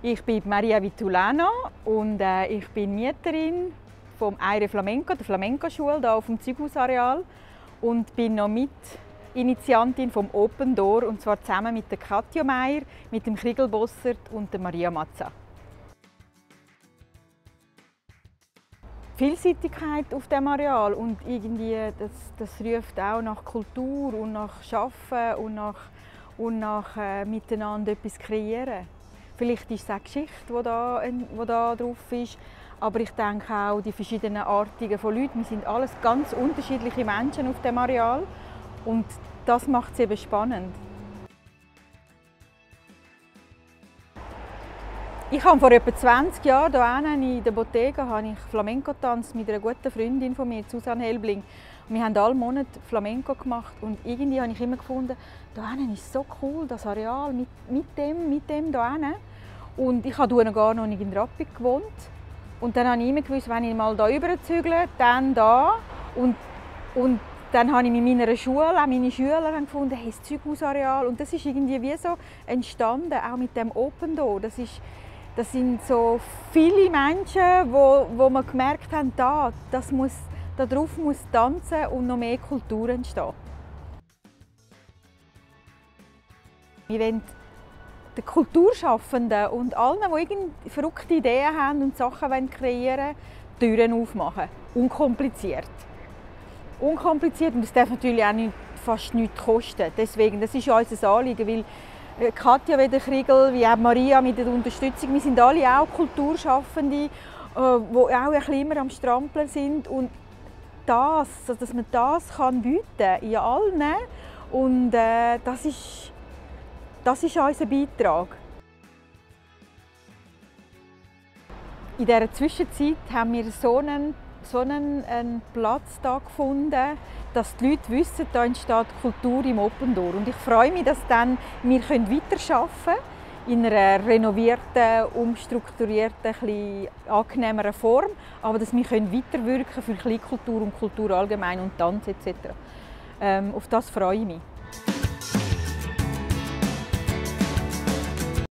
Ich bin Maria Vitulano und äh, ich bin Mieterin vom Aire Flamenco, der Flamenco-Schule hier auf dem Züghaus-Areal und bin noch Mitinitiantin Initiantin vom Open Door und zwar zusammen mit der Katja Meier, mit dem Kriegel Bossert und der Maria Mazza. Vielseitigkeit auf dem Areal und irgendwie das, das ruft auch nach Kultur und nach Schaffen und nach, und nach äh, miteinander etwas kreieren. Vielleicht ist es eine Geschichte, die da, ähm, die da drauf ist. Aber ich denke auch die verschiedenen Artigen von Leuten. Wir sind alles ganz unterschiedliche Menschen auf dem Areal. Und das macht es eben spannend. Ich habe vor etwa 20 Jahren hier in der Bottega habe ich Flamenco-Tanz mit einer guten Freundin von mir, Susanne Helbling, wir haben alle Monate Flamenco gemacht und irgendwie habe ich immer gefunden, da hinten ist so cool, das Areal mit, mit dem, mit dem da hinten. Und ich habe gar noch nicht in Rappi gewohnt. Und dann habe ich immer gewusst, wenn ich mal da überzügle, dann da. Und, und dann habe ich mit meiner Schule, auch meine Schüler haben gefunden, hey, das Zeughausareal. Und das ist irgendwie wie so entstanden, auch mit dem Open Door. Das, ist, das sind so viele Menschen, wo, wo man gemerkt haben, da, das muss Darauf muss tanzen und noch mehr Kultur entstehen. Wir wollen den Kulturschaffenden und allen, die verrückte Ideen haben und Sachen kreieren wollen, Türen aufmachen. Unkompliziert. Unkompliziert und das darf natürlich auch nicht, fast nichts kosten. Deswegen, das ist ja unser Anliegen, weil äh, Katja Weder-Kriegel, wie auch Maria mit der Unterstützung, wir sind alle auch Kulturschaffende, die äh, auch ein bisschen immer am Strampeln sind und das, also, dass man das kann bieten kann, in allen. Und äh, das, ist, das ist unser Beitrag. In dieser Zwischenzeit haben wir so einen, so einen, einen Platz da gefunden, dass die Leute wissen, da entsteht Kultur im Open Door. Und ich freue mich, dass dann wir weiterarbeiten können in einer renovierten, umstrukturierten, etwas angenehmeren Form, aber dass wir weiterwirken können für Kleinkultur und Kultur allgemein und Tanz etc. Ähm, auf das freue ich mich.